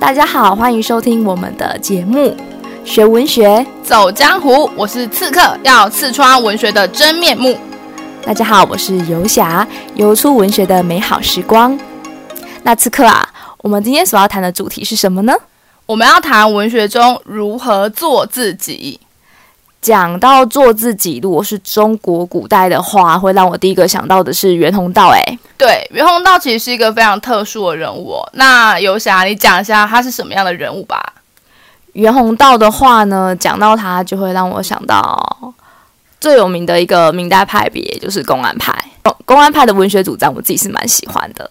大家好，歡迎收聽我們的節目《學文學走江湖》。我是刺客，要刺穿文學的真面目。大家好，我是游俠，游出文學的美好時光。那刺客啊，我們今天所要談的主題是什麼呢？我們要談文學中如何做自己。講到做自己，如果是中國古代的話，會讓我第一個想到的是袁宏道。哎，對，袁宏道其實是一個非常特殊的人物哦。那游俠，你講一下他是什麼樣的人物吧？袁宏道的話呢，講到他就會讓我想到最有名的一個明代派別，就是公安派。公安派的文學主張，我自己是蠻喜歡的。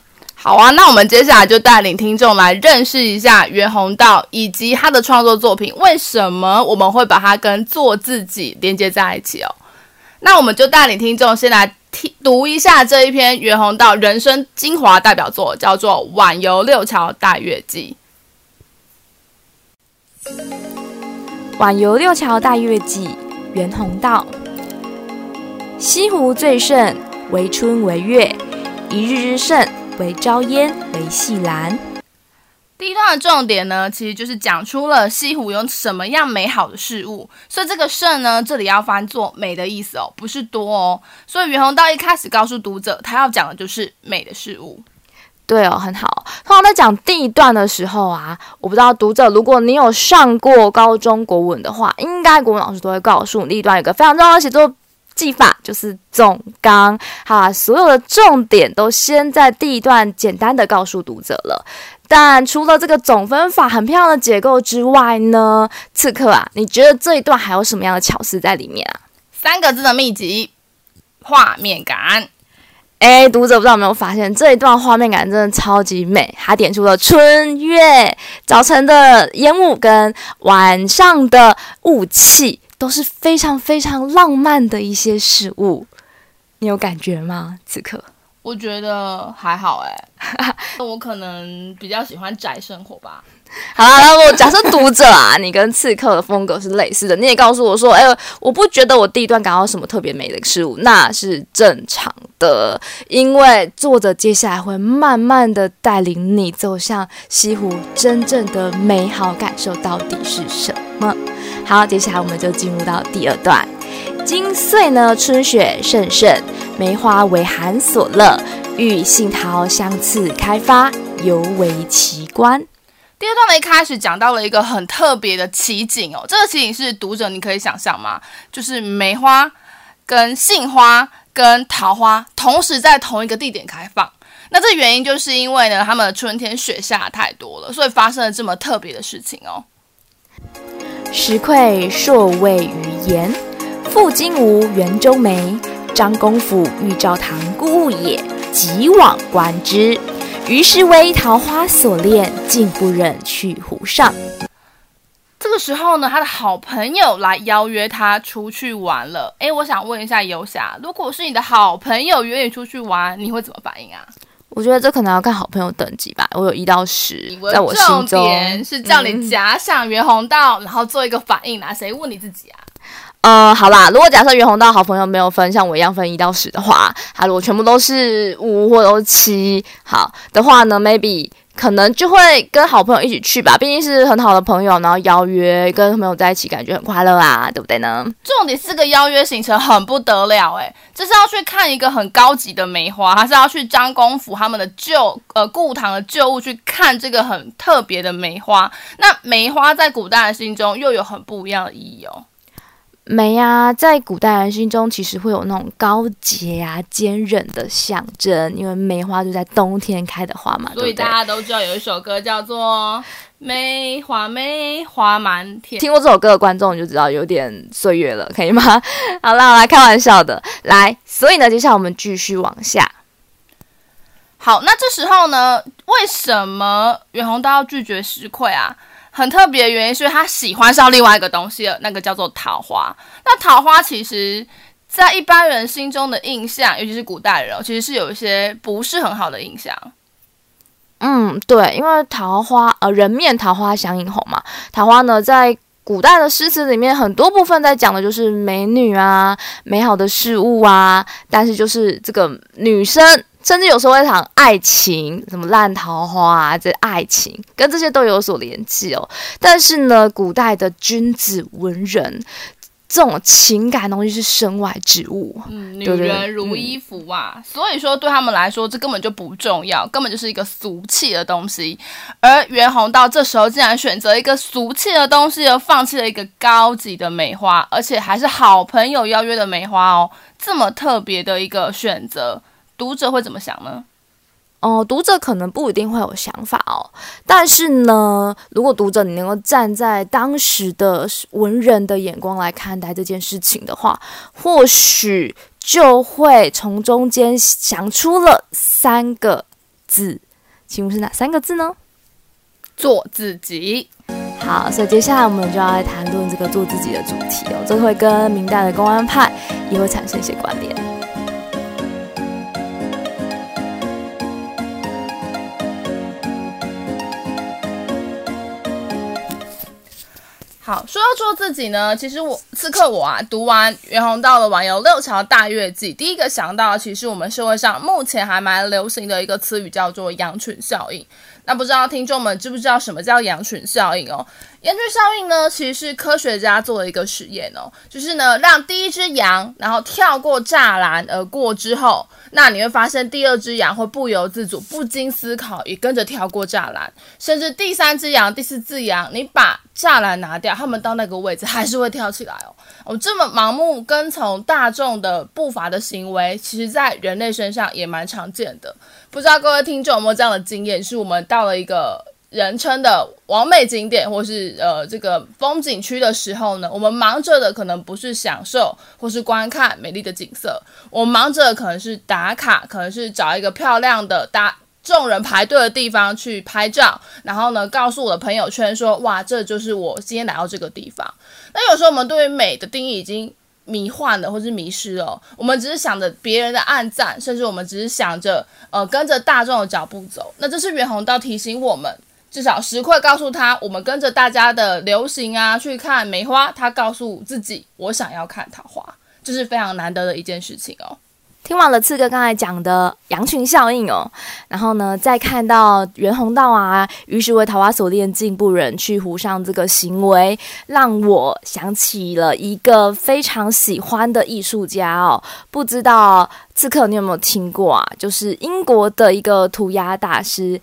好啊，那我們接下來就帶領聽眾來認識一下袁宏道以及他的創作作品。為什麼我們會把它跟做自己連接在一起哦？那我們就帶領聽眾先來聽讀一下這一篇袁宏道人生精華代表作，叫做《晚遊六橋待月記》。《晚遊六橋待月記》袁宏道。西湖最盛，為春為月，一日之盛，為朝煙，為夕嵐。第一段的重點呢，其實就是講出了西湖有什麼樣美好的事物。所以這個盛呢，這裡要翻作“美”的意思哦，不是多哦。所以袁宏道一開始告訴讀者，他要講的就是美的事物。對哦，很好。通常在講第一段的時候啊，我不知道讀者，如果你有上過高中國文的話，應該國文老師都會告訴你，第一段有一個非常重要的寫作。技法，就是總綱哈，所有的重點都先在第一段簡單的告訴讀者了。但除了這個總分法很漂亮的結構之外呢，刺客啊，你覺得這一段還有什麼樣的巧思在裡面啊？三個字的秘籍，畫面感。哎，讀者不知道有沒有發現，這一段畫面感真的超級美，它點出了春月、早晨的煙霧跟晚上的霧氣。都是非常非常浪漫的一些事物，你有感覺嗎？此刻我覺得還好哎、欸， 我可能比較喜歡宅生活吧。好啦、啊，那我假設讀者啊， 你跟刺客的風格是類似的，你也告訴我說，哎、欸、呦，我不覺得我第一段感到什麼特別美的事物，那是正常的，因為作者接下來會慢慢的帶領你走向西湖真正的美好感受到底是什麼。好，接下來我們就進入到第二段，今歲呢，春雪甚盛，盛，梅花為寒所勒，與杏桃相次開發，尤為奇觀。第二段的一開始講到了一個很特別的奇景哦，這個奇景是讀者，你可以想象嗎？就是梅花，跟杏花，跟桃花同時在同一個地點開放。那這原因就是因為呢，他們的春天雪下太多了，所以發生了這麼特別的事情哦。石簣數為余言，傅金吾園中梅，張功甫玉照堂故物也，急往觀之。於是為桃花所戀，竟不忍去湖上。這個時候呢，他的好朋友來邀約他出去玩了。哎，我想問一下遊俠，如果是你的好朋友約你出去玩，你會怎麼反應啊？我覺得這可能要看好朋友等級吧。我有一到十。在我心中，重點是，叫你假想袁宏道，嗯、然後做一個反應啊！誰問你自己啊？呃，好啦。如果假設袁宏道好朋友沒有分，像我一樣分一到十的話，他如果全部都是五或者七，好的話呢，maybe 可能就會跟好朋友一起去吧，畢竟是很好的朋友，然後邀約跟朋友在一起，感覺很快樂啊，對不對呢？重點是這個邀約行程很不得了，欸，哎，這是要去看一個很高級的梅花，還是要去張功甫他們的舊呃故堂的舊物去看這個很特別的梅花？那梅花在古代的心中又有很不一樣的意義哦，喔。梅呀、啊，在古代人心中，其實會有那種高潔啊、堅韌的象徵，因為梅花就在冬天開的花嘛。對對所以大家都知道有一首歌叫做《梅花梅花滿天》，聽過這首歌的觀眾就知道有點歲月了，可以嗎？好啦,好啦，我來開玩笑的來。所以呢，接下來我們繼續往下。好，那這時候呢，為什麼袁宏道要拒絕石簣啊？很特別的原因是他喜歡上另外一個東西了，那個叫做桃花。那桃花其實在一般人心中的印象，尤其是古代人，其實是有一些不是很好的印象。嗯，對，因為桃花，呃，人面桃花相映紅嘛。桃花呢，在古代的詩詞裡面，很多部分在講的就是美女啊，美好的事物啊，但是就是這個女生。甚至有時候會談愛情，什麼爛桃花啊，這愛情跟這些都有所聯繫哦。但是呢，古代的君子文人，這種情感東西是身外之物，女人如衣服啊，嗯、所以說對他們來說，這根本就不重要，根本就是一個俗氣的東西。而袁宏道這時候竟然選擇一個俗氣的東西，而放棄了一個高級的梅花，而且還是好朋友邀約的梅花哦，這麼特別的一個選擇。讀者會怎麼想呢？哦、呃，讀者可能不一定會有想法哦。但是呢，如果讀者你能夠站在當時的文人的眼光來看待這件事情的話，或許就會從中間想出了三個字。請問是哪三個字呢？做自己。好，所以接下來我們就要來談論這個做自己的主題哦，這會跟明代的公安派也會產生一些關聯。好，說到做自己呢，其實我。此刻我啊讀完袁宏道的晚遊六橋待月記，第一個想到的其實我們社會上目前還蠻流行的一個詞語叫做羊群效應。那不知道聽眾們知不知道什麼叫羊群效應哦？羊群效應呢，其實是科學家做了一個實驗哦，就是呢讓第一隻羊然後跳過柵欄而過之後，那你會發現第二隻羊會不由自主、不經思考也跟着跳過柵欄，甚至第三隻羊、第四隻羊，你把柵欄拿掉，它們到那個位置還是會跳起來哦。我們、哦、這麼盲目跟從大眾的步伐的行為，其實，在人類身上也蠻常見的。不知道各位聽眾有沒有這樣的經驗？就是我們到了一個人稱的完美景點，或是呃這個風景區的時候呢，我們忙着的可能不是享受或是觀看美麗的景色，我們忙着的可能是打卡，可能是找一個漂亮的搭，眾人排隊的地方去拍照，然後呢，告訴我的朋友圈說，哇，這就是我今天來到這個地方。那有時候我們對於美的定義已經迷幻了，或是迷失了、哦，我們只是想着別人的按讚，甚至我們只是想着，呃，跟着大眾的腳步走。那這是袁宏道提醒我們，至少時刻告訴他，我們跟着大家的流行啊去看梅花，他告訴自己，我想要看桃花，這，就是非常難得的一件事情哦。聽完了刺客剛才講的羊群效應哦，然後呢，再看到袁宏道啊，於是為桃花所戀，竟不忍去湖上這個行為，讓我想起了一個非常喜歡的藝術家哦，不知道刺客你有沒有聽過啊？就是英國的一個塗鴉大師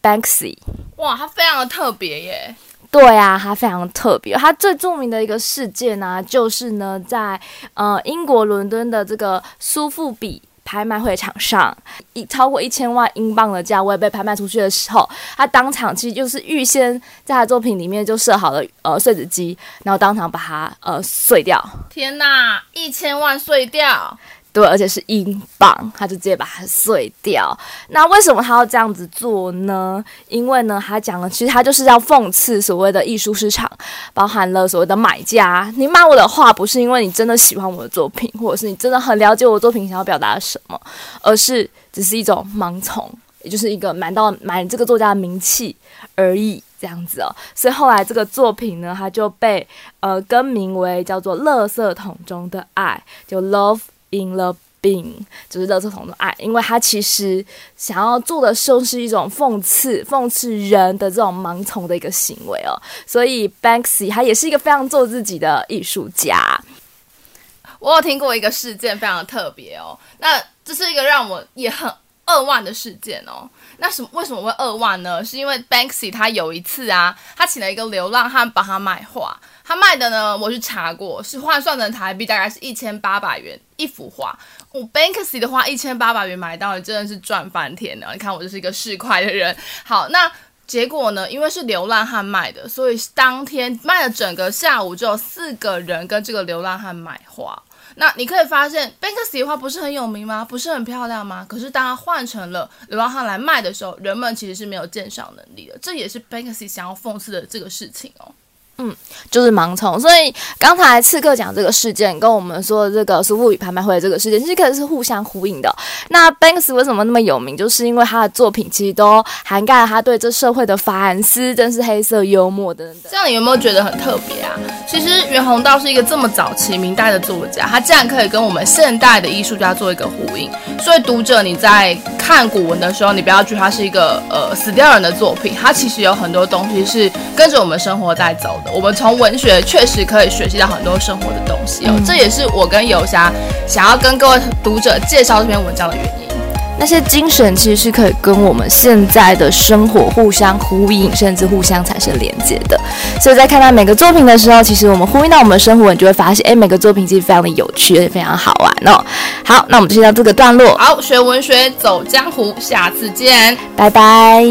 Banksy，哇，他非常的特別耶。對啊，他非常特別。他最著名的一個事件呢、啊，就是呢，在呃英國倫敦的這個蘇富比拍賣會場上，以超過一千萬英鎊的價位被拍賣出去的時候，他當場其實就是預先在他作品裡面就設好了呃碎紙機，然後當場把它呃碎掉。天哪，一千萬碎掉！對，而且是英鎊，他就直接把它碎掉。那為什麼他要這樣子做呢？因為呢，他講了，其實他就是要諷刺所謂的藝術市場，包含了所謂的買家。你買我的畫，不是因為你真的喜歡我的作品，或者是你真的很了解我的作品想要表達什麼，而是只是一種盲從，也就是一個買到買這個作家的名氣而已，這樣子哦。所以後來這個作品呢，他就被呃更名為叫做《垃圾桶中的愛》，就 Love。In the bin 就是垃圾桶的愛，因為他其實想要做的事是一種諷刺，諷刺人的這種盲從的一個行為哦。所以 Banksy 他也是一個非常做自己的藝術家。我有聽過一個事件，非常的特別哦。那這是一個讓我也很扼腕的事件哦。那什麼為什麼會扼腕呢？是因為 Banksy 他有一次啊，他請了一個流浪漢幫他賣畫，他賣的呢，我去查過，是換算成台幣大概是一千八百元。一幅畫，我、哦、Banksy 的畫一千八百元買到，真的是賺翻天了。你看我就是一個市儈的人。好，那結果呢？因為是流浪漢賣的，所以當天賣了整個下午，就有四個人跟這個流浪漢買畫。那你可以發現，Banksy 的畫不是很有名嗎？不是很漂亮嗎？可是當它換成了流浪漢來賣的時候，人們其實是沒有鑑賞能力的。這也是 Banksy 想要諷刺的這個事情哦。嗯，就是盲從，所以剛才刺客講這個事件，跟我們說的這個蘇富比拍賣會的這個事件，其實可能是互相呼應的。那 Banks 為什麼那麼有名？就是因為他的作品其實都涵蓋了他對這社會的反思，真是黑色幽默等等。這樣你有沒有覺得很特別啊？其實袁宏道是一個這麼早期明代的作家，他竟然可以跟我們現代的藝術家做一個呼應。所以讀者你在看古文的時候，你不要覺得他是一個呃死掉人的作品，他其實有很多東西是跟着我們生活在走的。我們從文學確實可以學習到很多生活的東西哦。嗯。這也是我跟游俠想要跟各位讀者介紹這篇文章的原因。那些精神其實是可以跟我們現在的生活互相呼應，甚至互相產生連接的。所以在看到每個作品的時候，其實我們呼應到我們的生活，你就會發現，哎，每個作品其實非常的有趣，而且非常好玩哦。好，那我們就，就到這個段落。好，學文學走江湖，下次見，拜拜。